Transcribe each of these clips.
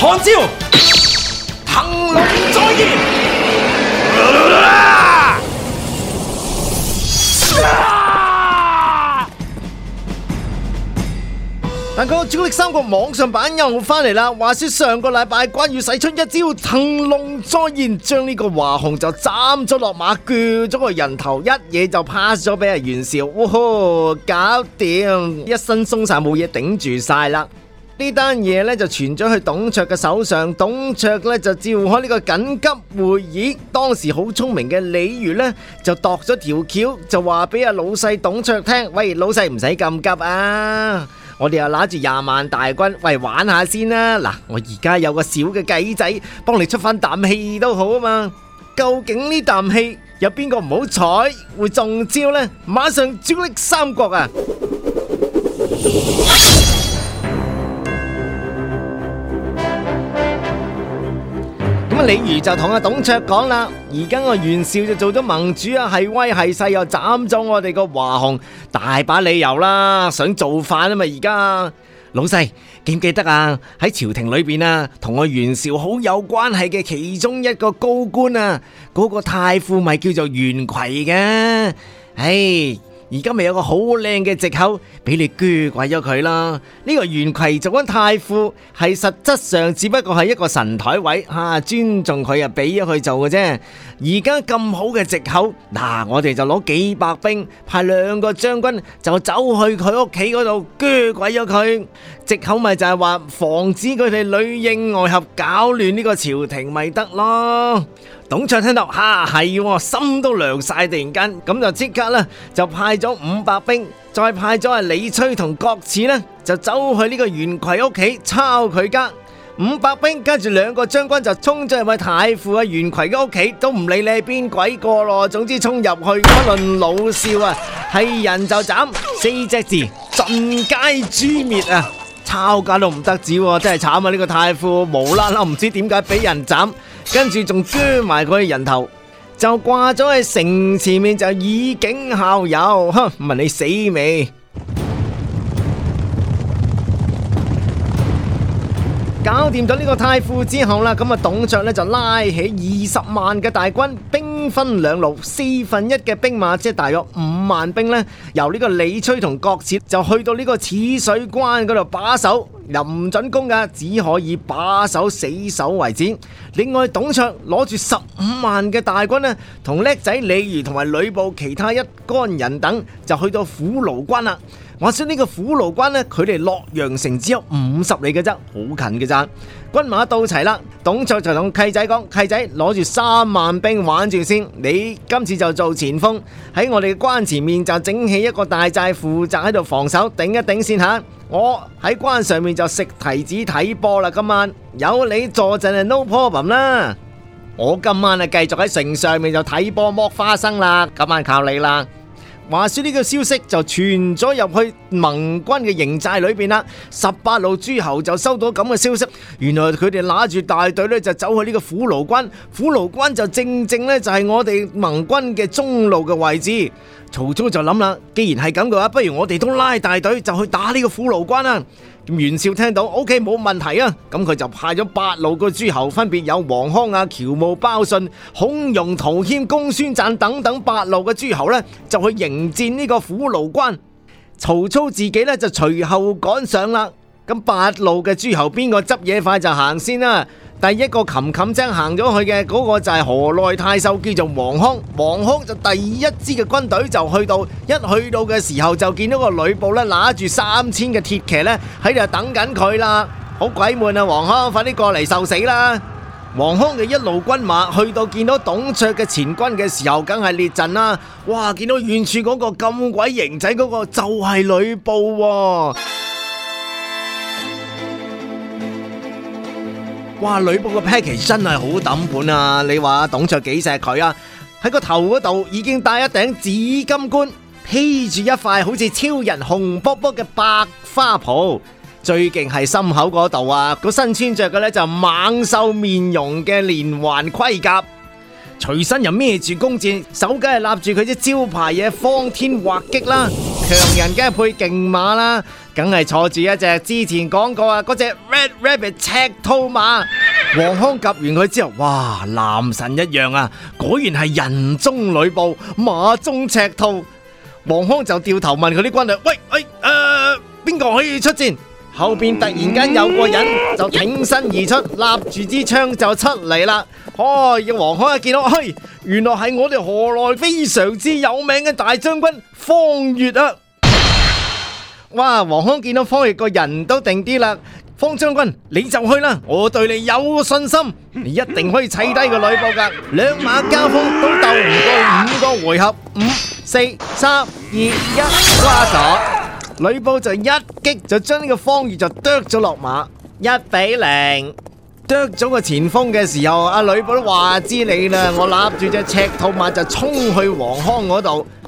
漢朝騰龍再現，大、啊、哥《朱、啊、古力三國》網上版又翻嚟啦！話說上個禮拜，關羽使出一招騰龍再現，將呢個華雄就斬咗落馬，鋸咗個人頭，一嘢就 pass 咗俾阿袁紹。哇、哦、呵，搞掂，一身鬆散冇嘢頂住晒啦！呢單嘢呢，就傳咗去董卓嘅手上，董卓呢，就召開呢個緊急會議。當時好聰明嘅李儒呢，就度咗條橋，就話俾阿老細董卓聽，喂，老細唔使咁急啊！我哋又拿住廿萬大軍，喂，玩下先啦。嗱，我而家有個小嘅計仔，幫你出翻啖氣都好啊嘛。究竟呢啖氣有邊個唔好彩會中招呢，馬上《朱古力三國》啊！ 咁李儒就同阿董卓講啦，而家個袁紹就做咗盟主啊，係威係勢，又斬咗我哋個華雄，大把理由啦，想造反啊嘛！而家老細記唔記得啊？喺朝廷裏邊啊，同我袁紹好有關係嘅其中一個高官啊，嗰個太傅咪叫做袁隗嘅、啊，唉、哎。而家咪有個好靚嘅藉口俾你驅鬼咗佢啦！呢、這個袁葵做緊太傅，係實質上只不過係一個神台位吓、啊，尊重佢啊，俾咗佢做嘅啫。而家咁好嘅藉口，嗱，我哋就攞幾百兵，派兩個將軍就走去佢屋企嗰度驅鬼咗佢。藉口咪就係話防止佢哋裏應外合搞亂呢個朝廷咪得咯。董卓聽到，吓係，心都涼晒。突然間，咁就即刻啦，就派咗五百兵，再派咗啊李傕同郭汜咧，就走去呢個袁隗屋企抄佢家。五百兵，跟住兩個將軍就衝咗入去太傅啊袁隗嘅屋企，都唔理你邊鬼個咯。總之衝入去，不論老少啊，係人就斬。四隻字，盡皆誅滅啊！抄家都唔得止，真係慘啊！呢個太傅無啦啦，唔知點解俾人斬。跟住仲鋸埋佢人頭，就掛咗喺城前面，就以儆效尤。哼，問你死未？搞掂咗呢個太傅之後啦，咁啊，董卓呢就拉起二十萬嘅大軍，兵分兩路，四分一嘅兵馬，即係大約五萬兵呢，由呢個李催同郭汜就去到呢個汜水關嗰度把守。又唔准攻噶，只可以把守死守為止。另外，董卓攞住十五萬嘅大軍呢，同叻仔李儒同埋呂布其他一干人等就去到虎牢關啦。話說呢個虎牢關呢，距離洛陽城只有五十里嘅啫，好近嘅咋？軍馬到齊啦，董卓就同契仔講：契仔，攞住三萬兵玩住先，你今次就做前鋒，喺我哋嘅關前面就整起一個大寨，負責喺度防守，頂一頂先吓。我喺關上面就食提子睇波啦，今晚有你坐陣係 no problem 啦。我今晚啊繼續喺城上面就睇波剝花生啦，今晚靠你啦。話說呢個消息就傳咗入去盟軍嘅營寨裏邊啦，十八路諸侯就收到咁嘅消息，原來佢哋攞住大隊咧就走去呢個虎牢關，虎牢關就正正咧就係我哋盟軍嘅中路嘅位置，曹操就諗啦，既然係咁嘅話，不如我哋都拉大隊就去打呢個虎牢關啦。袁紹聽到，O K 冇問題啊，咁佢就派咗八路個諸侯，分別有王匡啊、喬瑁、鮑信、孔融、陶謙、公孫瓚等等八路嘅諸侯呢，就去迎戰呢個虎牢關。曹操自己呢，就隨後趕上啦。咁八路嘅諸侯邊個執嘢快就行先啦，啊。第一個冚冚聲行咗去嘅嗰個就係河內太守，叫做王匡。王匡就第一支嘅軍隊就去到，一去到嘅時候就見到個呂布咧，拿住三千嘅鐵騎咧喺度等緊佢啦，好鬼悶啊！王匡，快啲過嚟受死啦！王匡嘅一路軍馬去到見到董卓嘅前軍嘅時候，梗係列陣啦。哇，見到遠處嗰個咁鬼型仔嗰個就係呂布啊。哇！呂布個 pack 真係好抌本啊！你話董卓幾錫佢啊？喺個頭嗰度已經戴一頂紫金冠，披住一塊好似超人紅卜卜嘅白花袍，最勁係心口嗰度啊！個身穿着嘅呢就猛獸面容嘅連環盔甲，隨身又孭住弓箭，手梗係立住佢隻招牌嘢方天畫戟啦，強人梗係配勁馬啦。梗係坐住一隻之前講過啊，嗰隻 Red Rabbit 赤兔馬。王匡夾完佢之後，哇，男神一樣啊！果然係人中呂布，馬中赤兔。王匡就掉頭問佢啲軍啊，喂喂，誒、呃，邊個可以出戰？後邊突然間有個人就挺身而出，立住支槍就出嚟啦、哎。開，王匡啊，見到，嘿、哎，原來係我哋河內非常之有名嘅大將軍方悅啊！哇！黃康見到方悅個人都定啲啦，方將軍你就去啦，我對你有信心，你一定可以砌低個呂布噶。兩馬交鋒，都鬥唔過五個回合，五四三二一，掛咗！呂布就一擊就將呢個方悅就剁咗落馬，一比零。剁咗個前鋒嘅時候，阿呂布都話知你啦，我攬住隻赤兔馬就衝去黃康嗰度。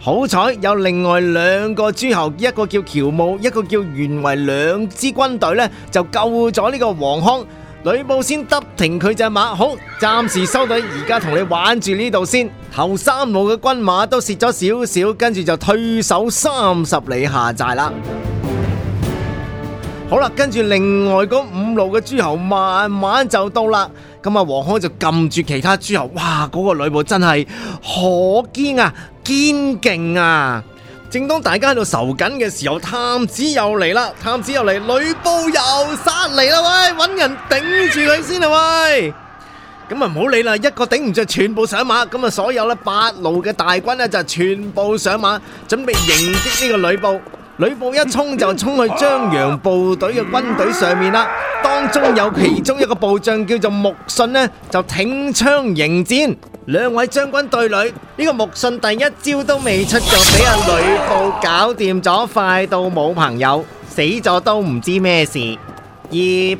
好彩有另外兩個諸侯，一個叫喬瑁，一個叫袁遺，兩支軍隊呢，就救咗呢個王匡。呂布先得停佢隻馬，好暫時收隊，而家同你玩住呢度先。頭三路嘅軍馬都蝕咗少少，跟住就退守三十里下寨啦。好啦，跟住另外嗰五路嘅諸侯慢慢就到啦。咁啊，黃康就撳住其他諸侯。哇，嗰、那個呂布真係可堅啊，堅勁啊！正當大家喺度愁緊嘅時候，探子又嚟啦，探子又嚟，呂布又殺嚟啦，喂，揾人頂住佢先啊，喂！咁啊，唔好理啦，一個頂唔住，全部上馬。咁啊，所有呢八路嘅大軍呢，就全部上馬，準備迎擊呢個呂布。呂布一衝就衝去張楊部隊嘅軍隊上面啦，當中有其中一個部將叫做穆順，呢就挺槍迎戰兩位將軍隊。兩位將軍對壘，呢個穆順第一招都未出就俾阿呂布搞掂咗，快到冇朋友，死咗都唔知咩事。二比零，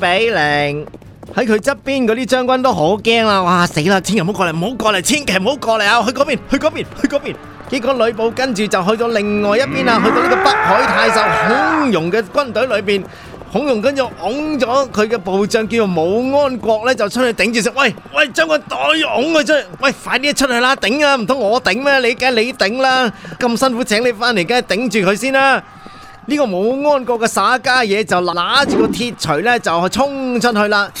喺佢側邊嗰啲將軍都好驚啦！哇，死啦，千祈唔好過嚟，唔好過嚟，千祈唔好過嚟啊！去嗰邊，去嗰邊，去嗰邊。結果呂布跟住就去咗另外一邊啦，去到呢個北海太守孔融嘅軍隊裏邊，孔融跟住拱咗佢嘅部將叫做武安國咧，就出去頂住先。喂喂，將個袋拱佢出去！喂，快啲出去啦，頂啊！唔通我頂咩？你梗係你頂啦？咁辛苦請你翻嚟，梗係頂住佢先啦。呢個武安國嘅耍家嘢就拿住個鐵錘咧，就衝出去啦。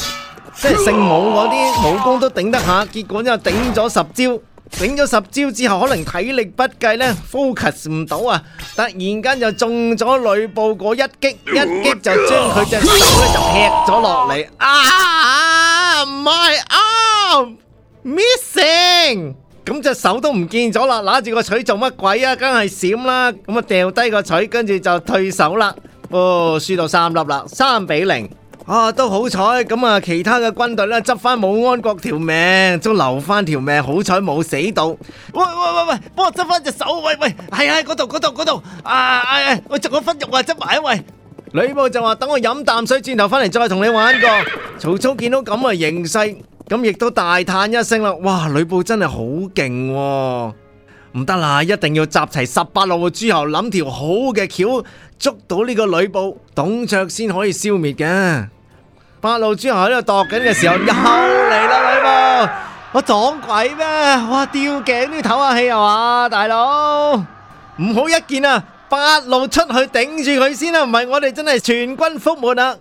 即係姓武嗰啲武功都頂得下，結果真係頂咗十招。頂咗十招之後，可能體力不繼呢，focus 唔到啊！突然間就中咗呂布嗰一擊，一擊就將佢隻手咧就劈咗落嚟。啊 my、啊、arm、啊啊、missing！咁隻手都唔見咗啦，拿住個腿做乜鬼啊？梗係閃啦！咁啊掉低個腿，跟住就退手啦。哦，輸到三粒啦，三比零。啊，都好彩咁啊！其他嘅軍隊咧執翻武安國條命，都留翻條命，好彩冇死到。喂喂喂喂，幫我執翻隻手。喂喂，係啊，嗰度嗰度嗰度。啊啊，喂，哎呀啊哎、呀我執咗分肉啊，執埋一位。呂布就話：等我飲啖水，轉頭翻嚟再同你玩過。曹操見到咁嘅形勢，咁亦都大嘆一聲啦。哇，呂布真係好勁喎。唔得啦，一定要集齊十八路諸侯，諗條好嘅橋捉到呢個呂布，董卓先可以消滅嘅。八路諸侯喺度度緊嘅時候，又嚟啦，呂布！呃呃、我撞鬼咩？哇吊頸都要唞下氣係嘛？大佬唔好一見啊！八路出去頂住佢先啦，啊，唔係我哋真係全軍覆沒啦！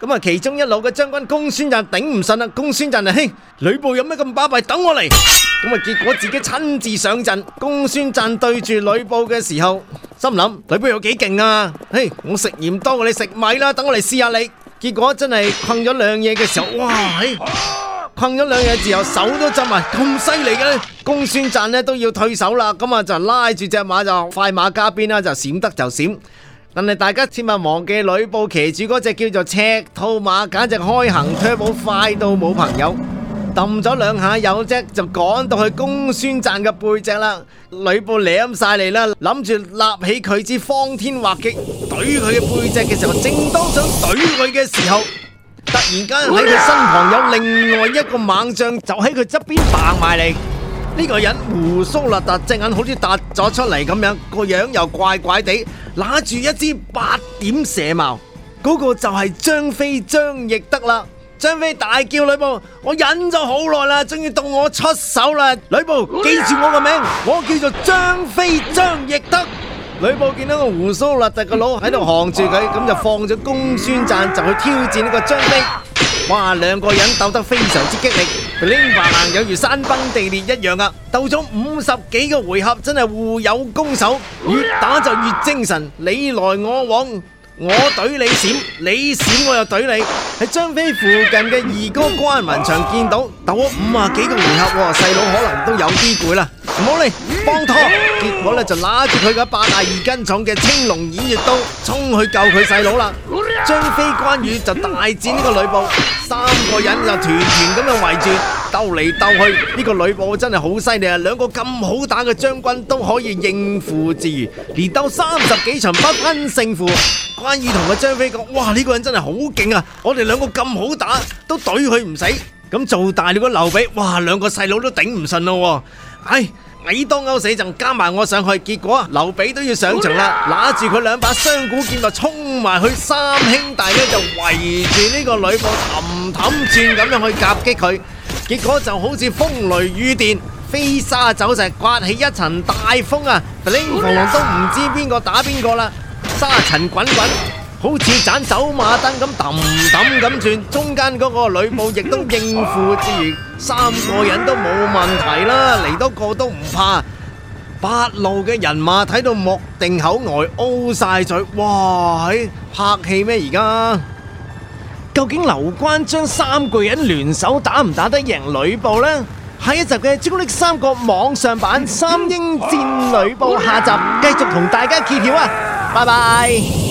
咁，嗯，啊，其中一路嘅將軍公孫瓚頂唔順啦，公孫瓚啊，嘿，呂布有咩咁巴閉？等我嚟！咁，嗯，啊，結果自己親自上陣，公孫瓚對住呂布嘅時候，心諗呂布有幾勁啊？嘿，我食鹽多過你食米啦，等我嚟試下你。結果真係困咗兩嘢嘅時候，哇！困咗兩嘢之後，手都震埋，咁犀利嘅公孫瓚呢都要退手啦。咁啊就拉住隻馬就快馬加鞭啦，就閃得就閃。但係大家千萬忘記，呂布騎住嗰隻叫做赤兔馬，簡直開行 turbo 快到冇朋友，揼咗兩下有隻就趕到去公孫瓚嘅背脊啦。呂布舐晒嚟啦，諗住立起佢支方天畫戟懟佢嘅背脊嘅時候，正當想懟佢嘅時候，突然間喺佢身旁有另外一個猛將就喺佢側邊掟埋嚟。呢、這個人鬍鬚邋遢，隻眼好似突咗出嚟咁樣，個樣又怪怪地，拿住一支八點蛇矛。嗰、那個就係張飛張翼德啦。張飛大叫：呂布，我忍咗好耐啦，終於到我出手啦！呂布，記住我個名，我叫做張飛張翼德。呂布見到個鬍鬚邋遢個佬喺度扛住佢，咁就放咗公孫瓚就去挑戰呢個張飛。哇，兩個人鬥得非常之激烈，噼啪聲有如山崩地裂一樣啊！鬥咗五十幾個回合，真係互有攻守，越打就越精神，你來我往。我懟你閃，你閃我又懟你。喺張飛附近嘅二哥關雲長見到鬥咗五十幾個回合，細佬可能都有啲攰啦，唔好理，幫拖。結果呢，就拿住佢嘅八十二斤重嘅青龍偃月刀衝去救佢細佬啦。張飛關羽就大戰呢個呂布，三個人就團團咁樣圍住。鬥嚟鬥去，呢、這個呂布真係好犀利啊！兩個咁好打嘅將軍都可以應付自如，連鬥三十幾場不分勝負。關羽同阿張飛講：哇，呢、這個人真係好勁啊！我哋兩個咁好打都懟佢唔死。咁做大了個劉備，哇，兩個細佬都頂唔順咯。唉，矮多勾死陣加埋我上去，結果劉備都要上場啦，拿住佢兩把雙股劍就衝埋去，三兄弟咧就圍住呢個呂布氹氹轉咁樣去夾擊佢。結果就好似風雷雨電，飛沙走石，颳起一層大風啊！連旁人都唔知邊個打邊個啦，沙塵滾滾，好似盞走馬燈咁揼揼咁轉。中間嗰個呂布亦都應付自如，三個人都冇問題啦，嚟多個都唔怕。八路嘅人馬睇到目定口呆，O 晒嘴。哇！喺拍戲咩？而家？究竟劉關張三個人聯手打唔打得贏呂布呢？下一集嘅《朱古力三國》網上版《三英戰呂布》下集繼續同大家揭曉啊！拜拜。